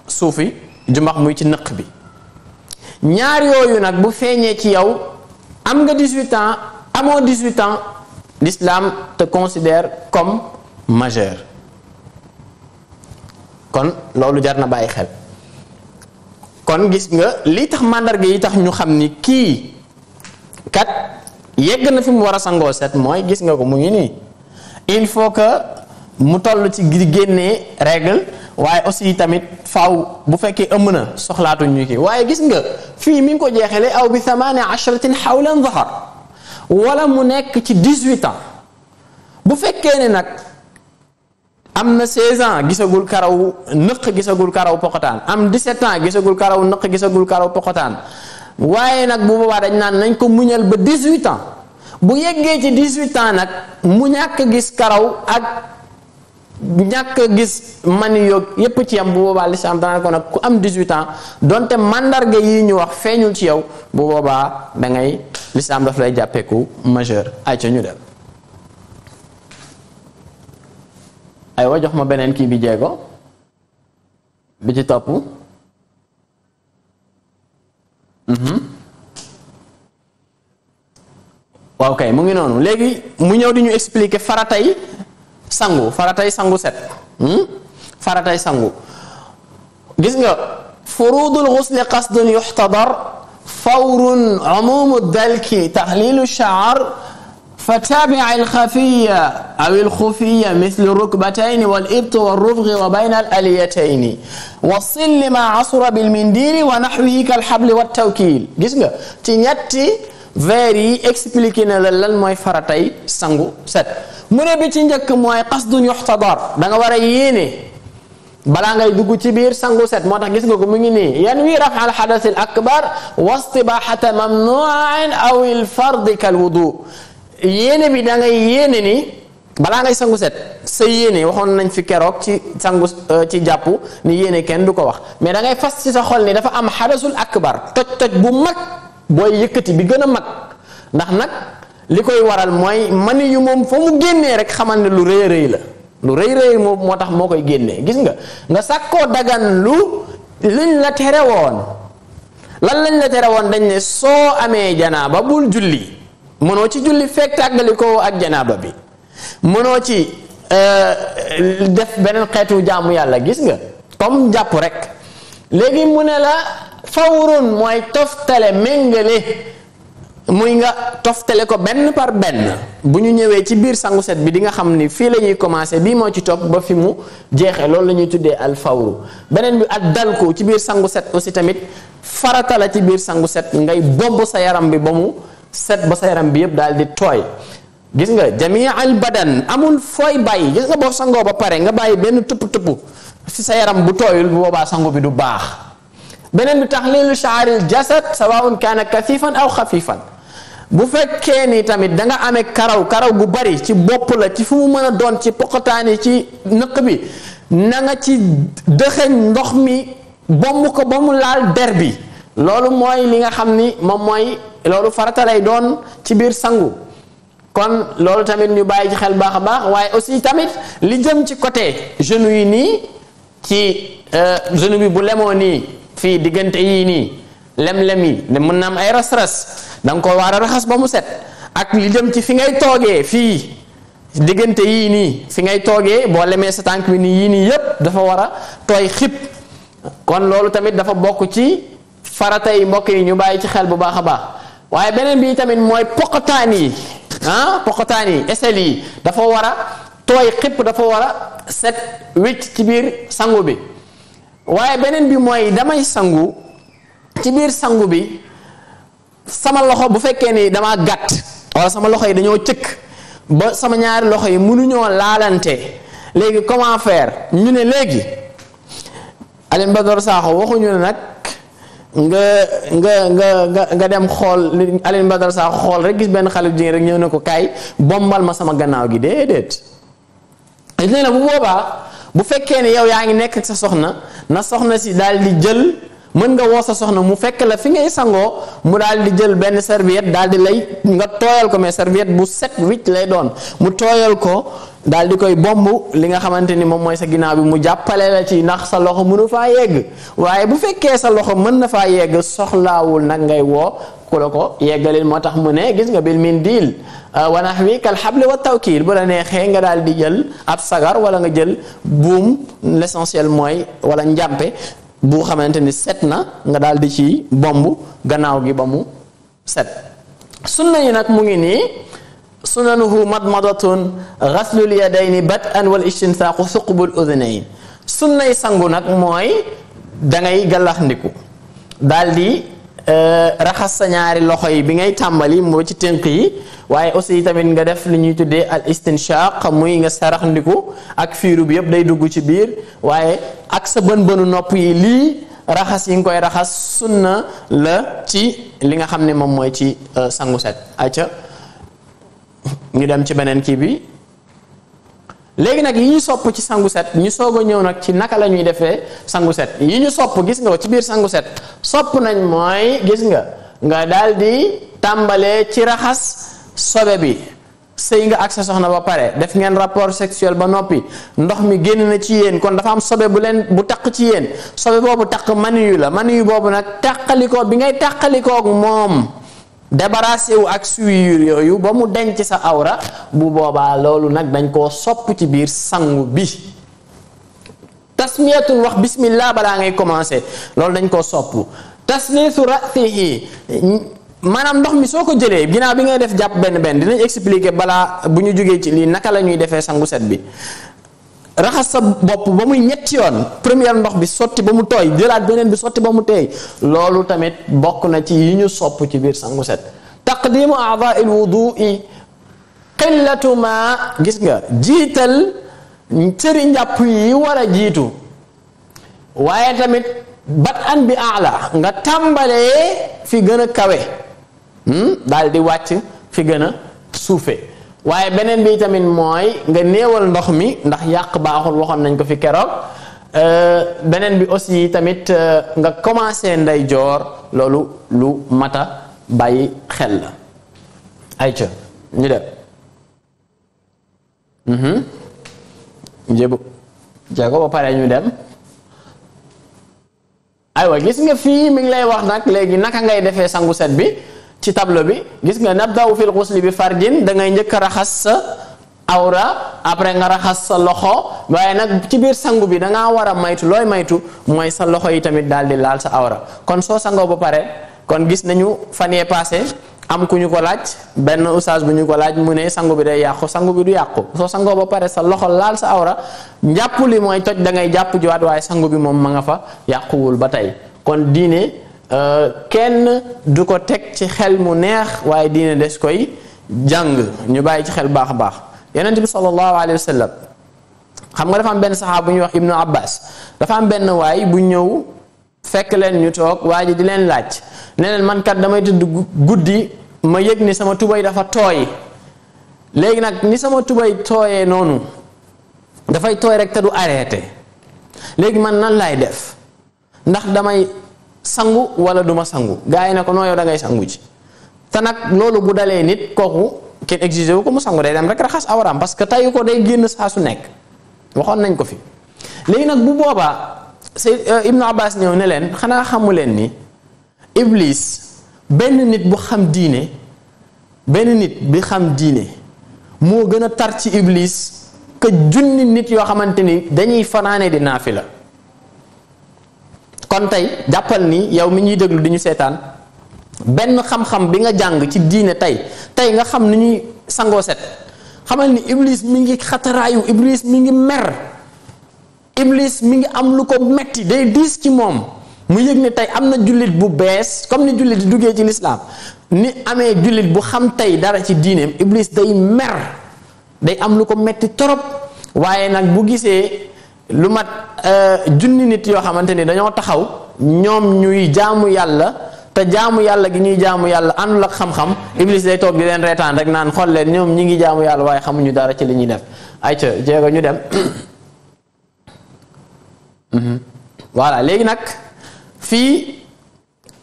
suufi jumax muy ci nëq bi ñaar yooyu nag bu feeñee ci yow am nga 18 ans amoo 18 ans lislaam te considère comme majeur kon loolu jar na bàyyi xel kon gis nga lii tax màndarga yi tax ñu xam ni kii kat yegg na fi mu war a sangoo set mooy gis nga ko mu ngi nii il faut que mu toll ci ngir génnee règle waaye aussi tamit faw bu fekkee ëmm na soxlaatu ñu kii waaye gis nga fii mi ngi ko jeexalee aw bi thamaani ashratin xawlan zahar wala mu nekk ci 18 ans bu fekkee ne nag am na 16 ans gisagul karaw nëq gisagul karaw poqotaan am 17 ans gisagul karaw nëq gisagul karaw poqotaan waaye nag bu boobaa dañ naan nañ ko muñal ba 18 ans bu yeggee ci 18 ans nag mu ñàkk gis karaw ak ñàkk gis mani yoog yépp ci am bu boobaa lislaam dana ko nag ku am 18 ans donte mandarga yi ñu wax feeñul ci yow bu boobaa dangay ngay lislaam daf lay jàppeeku majeur ay ca ñu dem ay jox ma beneen kii bi jeego bi ci topp mhm. waaw kay mu ngi noonu léegi mu ñëw di ñu expliquer faratay sangu faratay sangu set hmm? faratay sangu gis nga furudul xusli qasdun yuxtadar fawrun umumu dalki taxlilu shaar فتابع الخفية أو الخفية مثل الركبتين والإبط والرفغ وبين الأليتين وصل لما عصر بالمنديل ونحوه كالحبل والتوكيل gis nga ci ñetti vers yi expliqué na la lan mooy faratay sangu set mu ne bi ci njëkk mooy qasdun yuxtadar da danga war a yéene balaa ngay dugg ci biir sangu set moo tax gis nga ko mu ngi nii yan wi raf al xadas al akbar wastibaaxata mamnuin aw il fardi kal wudu yéene bi dangay yéene ni balaa ngay sangu set sa yéene waxoon nañ fi keroog ci sangu euh, ci jàpp ni yéene kenn du ko wax mais dangay ngay fas ci sa xol ni dafa am xadasul akbar toj toj bu mag booy yëkkati bi gën a mag ndax nag li koy waral mooy mani yu moom fa mu génnee rek xamal ne lu rëy rëy la lu rëy rëy moom moo tax moo koy génnee gis nga nga sàkkoo dagan lu liñ la tere woon lan lañ la tere woon dañ ne soo amee janaaba bul julli mënoo ci julli fekk tàggalikoo ak janaaba bi mënoo ci euh, def beneen xeetu jaamu yàlla gis nga comme jàpp rek léegi mu ne la fawrun mooy toftale méngale muy nga toftale ko benn par benn bu ñu ñëwee ci biir sangu set bi di nga xam ni fii la ñuy commencé bii moo ci topp ba fi mu jeexee loolu la ñuy tuddee alfawru beneen bi ak dalku ci biir sangu set aussi tamit farata la ci biir sangu set ngay bobb sa yaram bi ba mu set ba sa yaram bi yëpp daal di tooy gis nga jamii al badan amul fooy bàyyi gis nga boo sangoo ba pare nga bàyyi benn tupp tupp si sa yaram bu tooyul boobaa sangu bi du baax beneen bi taxliilu shaaril jasad sawaun kaana kasifan aw xafifan bu fekkee ni tamit danga ame karaw karaw gu bari ci bopp la ci fu mu mën a doon ci poqataan yi ci nëq bi na nga ci dëxëñ ndox mi bomb ko ba mu laal der bi loolu mooy li nga xam ni moom mooy loolu farata lay doon ci biir sangu kon loolu tamit ñu bàyyi ci xel baax a baax waaye aussi tamit li jëm ci côté genou yi nii ci euh, zunub bi bu lemoo nii fii diggante yii nii lem-lem yi de mën na am ay ras-ras da nga ko war a raxas ba mu set ak li jëm ci fi ngay toogee fii diggante yii nii fi ngay toogee boo lemee sa tànk bi nii yii nii yépp dafa war a tooy xib kon loolu tamit dafa bokk ci farata mbokk yi ñu bàyyi ci xel bu baax a baax waaye beneen bi tamit mooy poqotaan yi ah yi esel yi dafa war tooy xëpp dafa war a set wécc ci biir sangu bi waaye beneen bi mooy damay sangu ci biir sangu bi sama loxo bu fekkee ni damaa gàtt wala sama loxo yi dañoo cëkk ba sama ñaari loxo yi mënuñoo laalante léegi comment faire ñu ne léegi Alioune Badara Sakho waxuñu ne nag nga nga nga nga dem xool Alioune Badara Sakho xool rek gis benn xale bu jigéen rek ñëw ne ko kaay bombal ma sama gannaaw gi déedéet. nee na bu boobaa bu fekkee ne yow yaa ngi nekk ak sa soxna na soxna si daal di jël mën nga woo sa soxna mu fekk la fi ngay sangoo mu daal di jël benn serviette daal di lay nga tooyal ko mais serviette bu set wicc lay doon mu tooyal ko daal di koy bomb li nga xamante ni moom mooy sa ginnaaw bi mu jàppalee la ci ndax sa loxo mu nu faa yegg waaye bu fekkee sa loxo mën na faa yegg soxlaawul nag ngay woo ku la ko yeggalil moo tax mu ne gis nga bil min diil wa nahwi kal xable wa tawkiil bu la neexee nga daal di jël ab sagar wala nga jël buum l'essentiel mooy wala njàmpe bu xamante ni set na nga daal di ci bomb gannaaw gi ba mu set sunna yi nag mu ngi nii sunanuhu madmadatun xaslul yadayni bat an wal istinsaqu suqbul udnayn sunnay sangu nag mooy dangay gàllaxndiku daal di eh, raxas sa ñaari loxo yi bi ngay tàmbali moo ci tënk yi waaye aussi tamit nga def li ñuy tuddee al istinshaq muy nga saraxndiku ak fiiru bi yëpp day dugg ci biir waaye ak sa bën bënu nopp yi lii raxas yi nga koy raxas sunna la ci li nga xam ne moom mooy ci eh, sangu set acca ñu dem ci beneen kii bi léegi nag yi ñu sopp ci sangu set ñu soog a ñëw nag ci naka la ñuy defee sangu set yi ñu sopp gis nga ko ci biir sangu set sopp nañ mooy gis nga nga daal di tàmbalee ci raxas sobe bi sëy nga ak sa soxna ba pare def ngeen rapport sexuel ba noppi ndox mi génn na ci yéen kon dafa am sobe bu leen bu taq ci yéen sobe boobu taq maniyu la maniyu boobu nag tàqalikoo bi ngay tàqalikoog moom débarrassé wu ak suivure yooyu ba mu denc sa awra bu boobaa loolu nag dañ koo sopp ci biir sangu bi tasmiyatul wax bismillah balaa ngay commencé loolu dañ koo sopp tasniisu rasihi maanaam ndox mi soo ko jëlee ginnaaw bi ngay def jàpp benn benn dinañ expliquer balaa bu ñu jógee ci lii naka la ñuy defee sangu set bi raxas sa bopp ba muy ñetti yoon première ndox bi sotti ba mu tooy jëlaat beneen bi sotti ba mu teey loolu tamit bokk na ci yi ñu sopp ci biir sangu set taqdimu aadail wudui qillatu ma gis nga jiital cëri njàpp yi war a jiitu waaye tamit bat an bi aala nga tàmbalee fi gën a kawe hmm? daal di wàcc fi gën a suufe waaye beneen bi tamit mooy nga néewal ndox mi ndax yàq baaxul waxoon nañ ko fi keroog euh, beneen bi aussi tamit euh, nga commencé ndeyjoor loolu lu mata bàyyi xel la ay ca ñu dem mhm. jébu jéego ba pare ñu dem aywa gis nga fii mi ngi lay wax nag léegi naka ngay defee sangu set bi ci tableau bi gis nga nabda'u fil ghusli bi fardin da ngay njëkk raxas sa awra après nga raxas sa loxo waaye nag ci biir sangu bi da ngaa a maytu looy maytu mooy sa loxo yi tamit daal di laal sa awra kon soo sangoo ba pare kon gis nañu fan yee passé am ku ñu ko laaj benn oustaz bu ñu ko laaj mu ne sangu bi day yàqu sangu bi du yàqu soo sangoo ba pare sa loxo laal sa awra njàpp li mooy toj da ngay jàpp jiwaat waaye sangu bi moom ma nga fa yàquwul ba tey Euh, kenn du ko teg ci xel mu neex waaye diine des koy jàng ñu bàyyi ci xel baax a baax yonent bi sallallahu alayhi wa sallam xam nga dafa am benn saxaaba bu ñuy wax ibnu abbas dafa am benn waay bu ñëw fekk leen ñu toog waa ji di leen laaj neleen man kat damay tëdd guddi ma yëg ni sama tubay dafa tooy léegi nag ni sama tubay tooyee noonu dafay tooy rek te du arrêté léegi man nan laay def ndax damay sangu wala du ma sangu gaa yi ne ko noo yow da ngay sangu ji te nag loolu bu dalee nit kooku kenn exigé wu ko mu sangu day dem rek raxas awraam parce que tayu ko day génn saa su nekk waxoon nañ ko fi léegi nag bu boobaa Seyd euh, Ibnu Abbas ñëw ne leen xanaa xamu leen ni Iblis benn nit bu xam diine benn nit bi xam diine moo gën a tar ci Iblis que junni nit yoo xamante ni dañuy fanaane di la kon tey jàppal nii yow mi ñuy déglu di ñu seetaan benn xam-xam bi nga jàng ci diine tey tey nga xam ni ñuy sangoo set xamal ni iblis mi ngi xataraayu iblis mi ngi mer iblis mi ngi am lu ko metti day diis ci moom mu yëg ne tey am na jullit bu bees comme ni jullit di duggee ci lislaam ni amee jullit bu xam tey dara ci diineem iblis day mer day am lu ko metti torop waaye nag bu gisee lu mat euh, junni nit yoo xamante ni dañoo taxaw ñoom ñuy jaamu yàlla te jaamu yàlla gi ñuy jaamu yàlla àndul ak xam-xam iblis day toog di leen reetaan rek naan xool leen ñoom ñi ngi jaamu yàlla waaye xamuñu dara ci li ñuy def ayca jéego ñu dem mhm. voilà léegi nag fii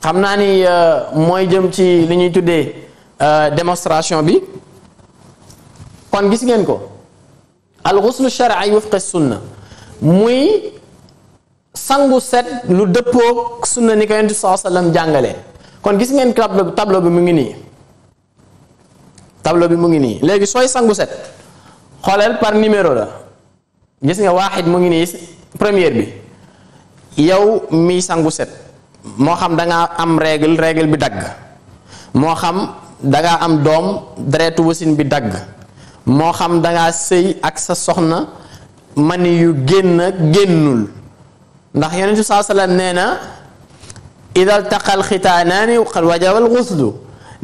xam naa ni euh, mooy jëm ci li ñuy tuddee euh, démonstration bi kon gis ngeen ko al ay shar'i wufqa sunna muy sangu set lu dëppoo sunna ni ko yonent saa sallam jàngale kon gis ngeen tableau tableau bi mu ngi nii tableau bi mu ngi nii léegi sooy sangu set xooleel par numéro la gis nga waaxit mu ngi nii première bi yow miy sangu set moo xam da am régl règle bi dagg moo xam da am doom deretu wasin bi dagg moo xam da ngaa sëy ak sa soxna mani yu génn ak génnul ndax yonent bi saa sallam nee na idal taqal xitaanaani wajabal xuslu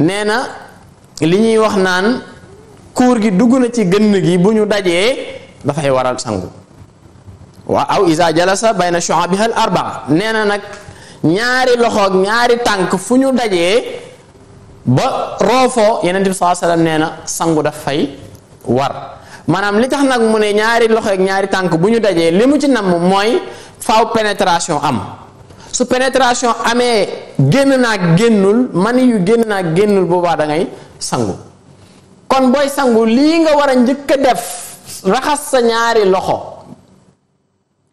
nee na li ñuy wax naan kuur gi dugg na ci gënn gi bu ñu dajee dafay waral sangu waa aw isa jalasa bayna shu'abiha al arbaa nee na nag ñaari loxo ñaari tànk fu ñu dajee ba roofoo yonent bi saa nee na sangu daf fay war maanaam li tax nag mu ne ñaari loxo ak ñaari tànk bu ñu dajee li mu ci namm mooy faw pénétration am su pénétration amee génn naa génnul mani yu génn naa génnul boobaa da sangu kon booy sangu lii nga war a njëkk def raxas sa ñaari loxo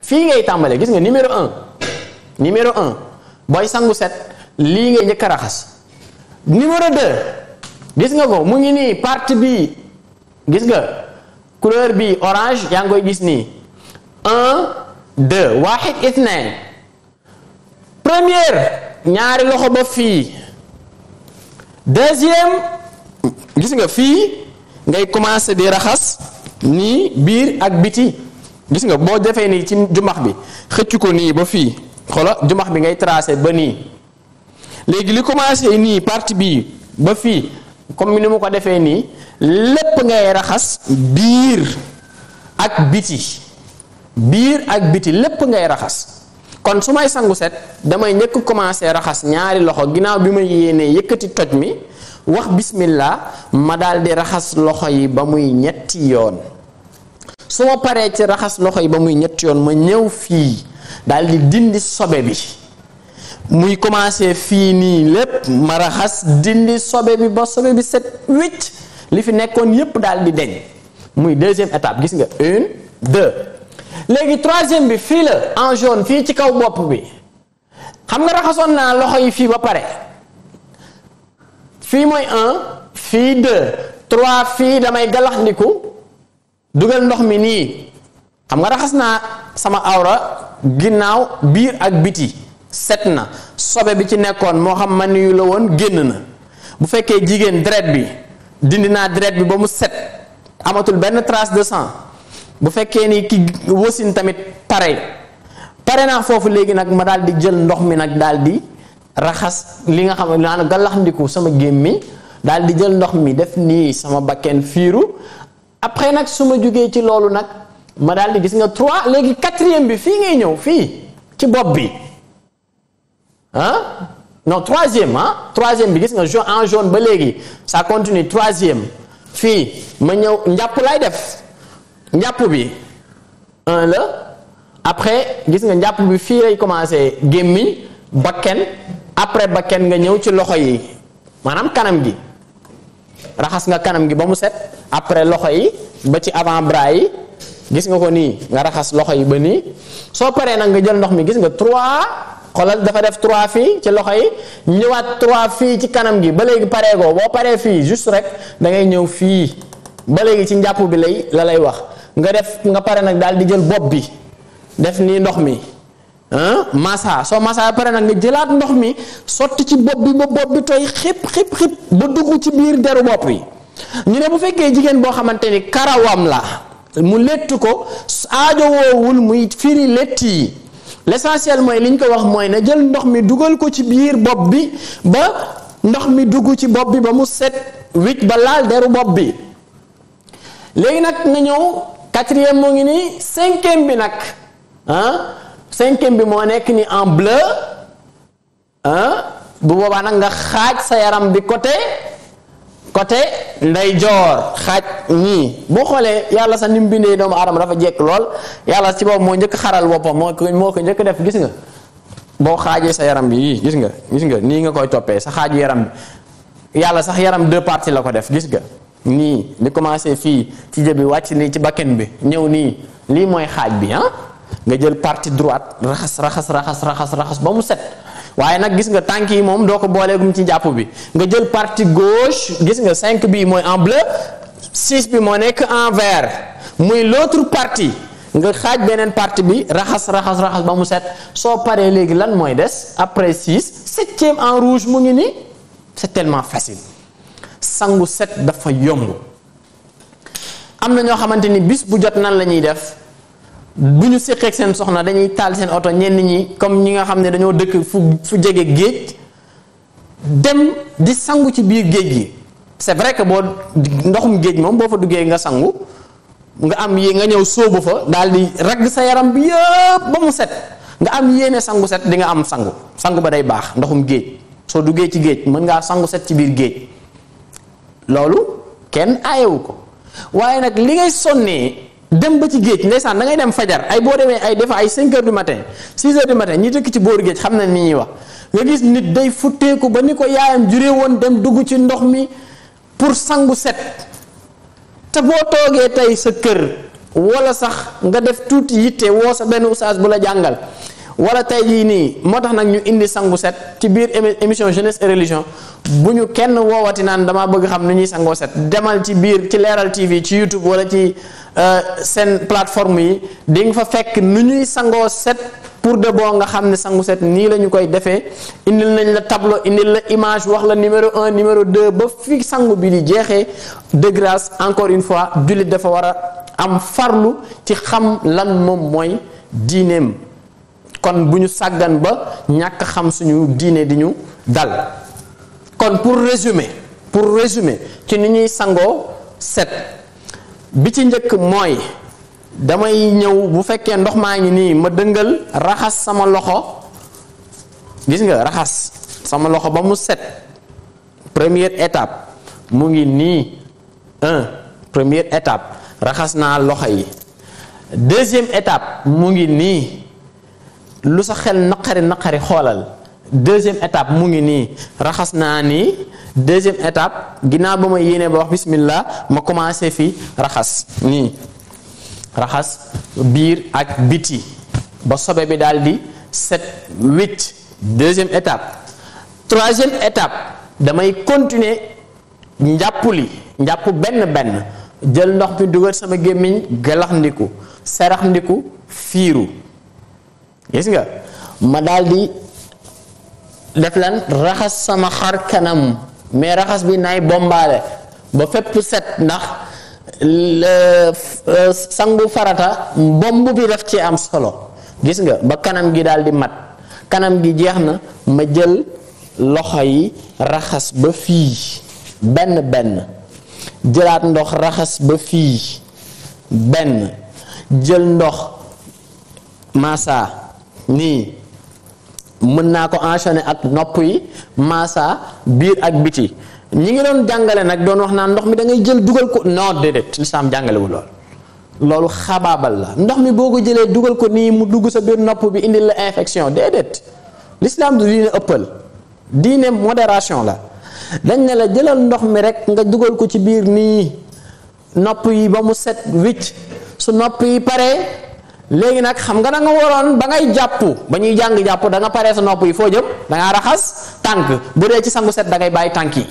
fii ngay tàmbalee gis nga numéro un un booy sangu set lii ngay njëkk a nga ko mu ngi nii partie bii gis nga. couleur bi orange yaa ngi gis nii un deux waaxid ithnain première ñaari loxo ba fii deuxième gis nga fii ngay commencer di raxas nii biir ak biti gis nga boo defee nii ci jumax bi xëcc ko nii ba fii xolo jumax bi ngay tracer ba nii léegi li commencer nii partie bii ba fii comme ni mu ko defee nii lépp ngay raxas biir ak biti biir ak biti lépp ngay raxas kon su may sangu set damay njëkk commencé raxas ñaari loxo ginnaaw bi ma yéenee yëkkati toj mi wax bismillah ma daldi raxas loxo yi ba muy ñetti yoon su ma paree ci raxas loxo yi ba muy ñetti yoon ma ñëw fii daal di dindi sobe bi muy commencé fii nii lépp ma raxas dindi sobe bi ba sobe bi set wicc li fi nekkoon yépp daal di deñ muy deuxième étape gis nga une deux léegi troisième bi fii la en jaune fii ci kaw bopp bi xam nga raxasoon naa loxo yi fii ba pare fii mooy un fii deux trois fii damay galaxndiku dugal ndox mi nii xam nga raxas naa sama awra ginnaaw biir ak biti set na sobe bi ci nekkoon moo xam ma yu la woon génn na bu fekkee jigéen deret bi dindi naa deret bi ba mu set amatul benn trace de sang bu fekkee ni ki wasin tamit pare pare naa foofu léegi nag ma daal di jël ndox mi nag daal di raxas li nga xam naa gàllax ndiku sama gémmiñ daal di jël ndox mi def nii sama bakken fiiru après nag su ma jógee ci loolu nag ma daal di gis nga trois léegi quatrième bi fii ngay ñëw fii ci bopp bi ah non troisième ah troisième bi gis nga jaune en jaune ba léegi ça continue troisième fii ma ñëw njàpp lay def njàpp bi un la après gis nga njàpp bi fii lay commencé gémmiñ bakken après bakken nga ñëw ci loxo yi maanaam kanam gi raxas nga kanam gi ba mu set après loxo yi ba ci avant bras yi gis nga ko nii nga raxas loxo yi ba nii soo paree nag nga jël ndox mi gis nga trois xoolal dafa def trois fii ci loxo yi ñëwaat trois fii ci kanam gi ba léegi pareegoo boo paree fii juste rek da ngay ñëw fii ba léegi ci njàpp bi lay la lay wax nga def nga pare nag daal di jël bopp bi def nii ndox mi massa soo massa pare nag nga jëlaat ndox mi sotti ci bopp bi ba bopp bi tooy xip xip ba dugg ci biir deru bopp bi ñu ne bu fekkee jigéen boo xamante ni karawam la mu létt ko aajo woowul muy firi létt yi l'essentiel mooy li ñu ko wax mooy na jël ndox mi dugal ko ci biir bopp bi ba ndox mi dugg ci bopp bi ba mu set wicc ba laal deru bopp bi léegi nag na ñëw quatrième moo ngi nii cinquième bi nag ah bi moo nekk ni en bleu ah, bu boobaa nag nga xaaj sa yaram bi côté côté ndeyjoor xaaj nii boo xoolee yàlla sax ni mu bindee doomu aadama dafa jekk lool yàlla si boobu moo njëkk xaral boppam moo ko moo ko njëkk def gis nga boo xaajee sa yaram bi gis nga gis nii nga koy toppee sa xaaju yaram yàlla sax yaram de parties la ko def gis nga nii li commencé fii ci jëbi wàcc nii ci bakken bi ñëw nii lii mooy xaaj bi ah nga jël partie droite raxas raxas raxas raxas raxas ba mu set waaye nag gis nga tànk yi moom doo ko booleegum ci jàpp bi nga jël partie gauche gis nga 5 bi mooy en bleu 6 bi moo nekk en vert muy l'autre partie nga xaaj beneen partie bi raxas raxas raxas ba mu set soo paree léegi lan mooy des après 6 septième en rouge mu ngi nii c'est tellement facile sangu set dafa yomb am na ñoo xamante ni bis bu jot nan la ñuy def. bu ñu séqeek seen soxna dañuy taal seen oto ñenn ñi comme ñi nga xam ne dañoo dëkk fu fu jege géej dem di sangu ci biir géej gi c'est vrai que boo ndoxum géej moom boo fa duggee nga sangu nga am yi nga ñëw sóobu fa daal di ragg sa yaram bi ba mu set nga am yéene sangu set di nga am sangu sangu ba day baax ndoxum géej soo duggee ci géej mën ngaa sangu set ci biir géej loolu kenn aayewu ko waaye nag li ngay sonnee dem ba ci géej ndeysaan da ngay dem fajar ay boo demee ay des ay 5 heures du matin 6 heures du matin ñi dëkk ci booru géej xam na ni ñuy wax nga gis nit day futteeku ba ni ko yaayam juree woon dem dugg ci ndox mi pour sangu set te boo toogee tey sa kër wala sax nga def tuuti yitte woo sa benn oustaz bu la jàngal wala tey jii nii moo tax nag ñu indi sangu set ci biir émission jeunesse et religion bu ñu kenn woowati naan damaa bëgg xam nu ñuy sangoo set demal ci biir ci leeral TV ci YouTube wala ci. Euh, seen plateforme yi dinga fa fekk nu ñuy sangoo set pour de bon nga xam ne sangu set nii la ñu koy defee indi nañ la tableau indil la image wax la numéro un numéro deux ba fi sangu bi di jeexee de grâce encore une fois jullit dafa war a am farlu ci xam lan moom mooy diineem kon bu ñu sàggan ba ñàkk xam suñu diinee di ñu dal kon pour résumer pour résumer ci ni ñuy sangoo set bi ci njëkk mooy damay ñëw bu fekkee ndox maa ngi nii ma dëngal raxas sama loxo gis nga raxas sama loxo ba mu set première étape mu ngi nii un première étape raxas naa loxo yi deuxième étape mu ngi nii lu sa xel naqari naqari xoolal deuxième étape mu ngi nii raxas naa nii deuxième étape ginnaaw ba ma yéene ba wax bismillah ma commencé fi raxas nii raxas biir ak biti ba sobe bi daal di set wecc deuxième étape troisième étape damay continuer njàpp li njàpp benn benn jël ndox mi dugal sama gémmiñ galax ndiku serax fiiru gis nga ma daal def lan raxas sama xar kanam mais raxas bi nay bombaale ba fépp set ndax euh, sangu farata bomb bi daf ci am solo gis nga ba kanam gi daal di mat kanam gi jeex na ma jël loxo yi raxas ba fii benn benn jëlaat ndox raxas ba fii benn jël ndox massa nii mën naa ko enchaîner ak nopp yi maasa biir ak biti ñi ngi doon jàngale nag doon wax naa ndox mi dangay jël dugal ko non déedéet lislaam jàngalewu lool loolu xabaabal la ndox mi boo ko jëlee dugal ko nii mu dugg sa biir nopp bi indil la infection déedéet lislaam du diine ëppal diine modération la dañ ne la jëlal ndox mi rek nga dugal ko ci biir nii nopp yi ba mu set wicc su nopp yi pare léegi nag xam nga da nga waroon ba ngay jàpp ba ñuy jàng jàpp da pare sa nopp yi foo jëm da raxas tànk bu dee ci sangu set dangay bàyyi tànk yi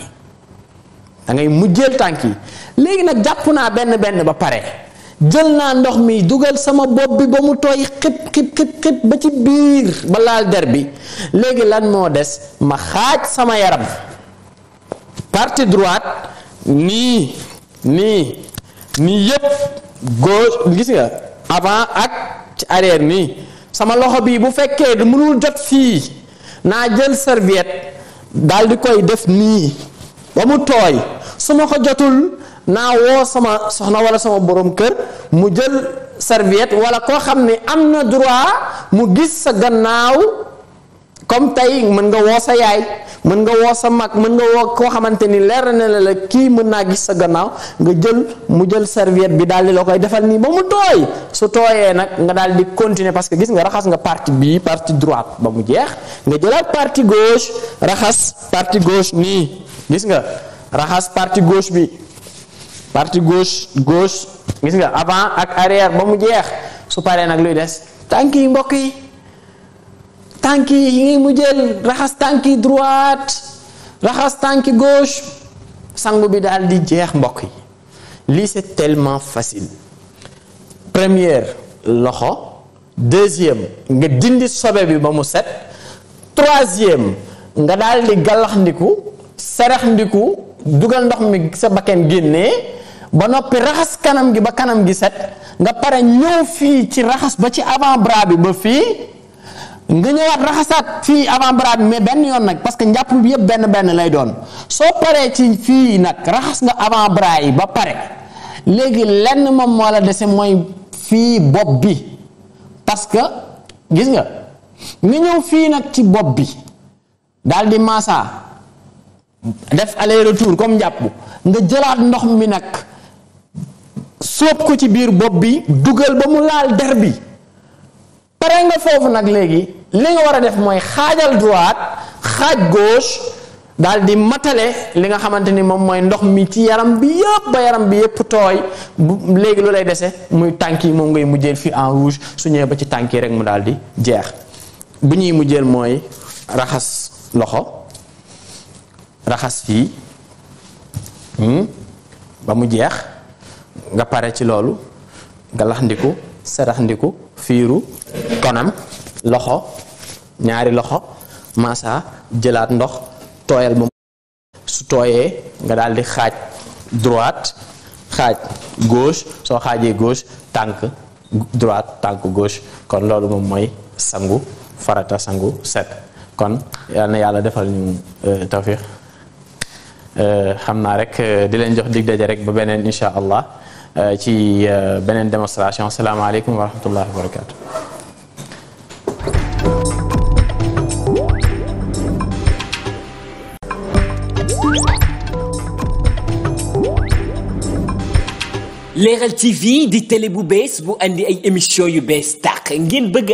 da mujjeel tànk yi léegi nag jàpp naa benn benn ba pare jël naa ndox mi dugal sama bopp bi ba mu tooy xib xib xib ba ci biir ba laal der bi léegi lan moo des ma xaaj sama yaram parti droite nii nii nii yépp gauche gis nga avant ak ci arrière nii sama loxo bii bu fekkee du mënul jot fii naa jël serviette daal di koy def nii ba mu tooy su ma ko jotul naa woo sama soxna wala sama boroom kër mu jël serviette wala koo xam ne am na droit mu gis sa gannaaw comme tey mën nga woo sa yaay mën nga woo sa mag mën nga woo koo xamante ni leer na ne la kii mën naa gis sa gannaaw nga jël mu jël serviette bi daal di la koy defal nii ba mu tooy su tooyee nag nga daal di continuer parce que gis nga raxas nga partie bii partie droite ba mu jeex nga jëlaat partie gauche raxas partie gauche nii gis nga raxas partie gauche bi partie gauche gauche gis nga avant ak arrière ba mu jeex su paree nag luy des tànk yi mbokk yi. tànk yi ngay mujjeel raxas tànki droite raxas tànki gauche sangu bi daal di jeex mbokk yi lii c'est tellement facile première loxo deuxième nga dindi sobe bi ba mu set troisième nga daal di gàllax ndiku serax ndiku dugal ndox mi sa bakken génnee ba noppi raxas kanam gi ba kanam gi set nga pare ñëw fii ci raxas ba ci avant bras bi ba fii nga ñëwaat raxasaat fii avant bras bi mais benn yoon nag parce que njàpp bi yëpp benn benn lay doon soo paree ci fii nag raxas nga avant bras yi ba pare léegi lenn moom moo la dese mooy fii bopp bi parce que gis nga nga ñëw fii nag ci bopp bi daal di massa def aller retour comme njàpp nga jëlaat ndox mi nag sóob ko ci biir bopp bi dugal ba mu laal der bi pare nga foofu nag léegi. li nga war a def mooy xaajal droite xaaj gos daal di matale li nga xamante ni moom mooy ndox mi ci yaram bi yëpp yaram bi yëpp tooy bu léegi lu lay dese muy tànk yi moom ngay mujjeel fii en rouge su ñëwee ba ci tànk rek mu daal di jeex bu ñuy mujjeel mooy raxas loxo raxas fii hmm, ba mu jeex nga pare ci loolu nga laxndiku saraxndiku fiiru tonam loxo ñaari loxo maasa jëlaat ndox tooyal ba su tooyee nga daal xaaj droite xaaj gauche soo xaajee gauche tànk droite tànk gauche kon loolu moom mooy sangu farata sangu set kon yal yàlla defal ñu euh, tawfiq euh, xam naa rek euh, di leen jox dig daje rek ba beneen incha allah ci beneen démonstration asalaamaaleykum wa rahmatullahi wa Leral TV di télé bu bees bu andi ay émission yu bees tàq ngeen bëgg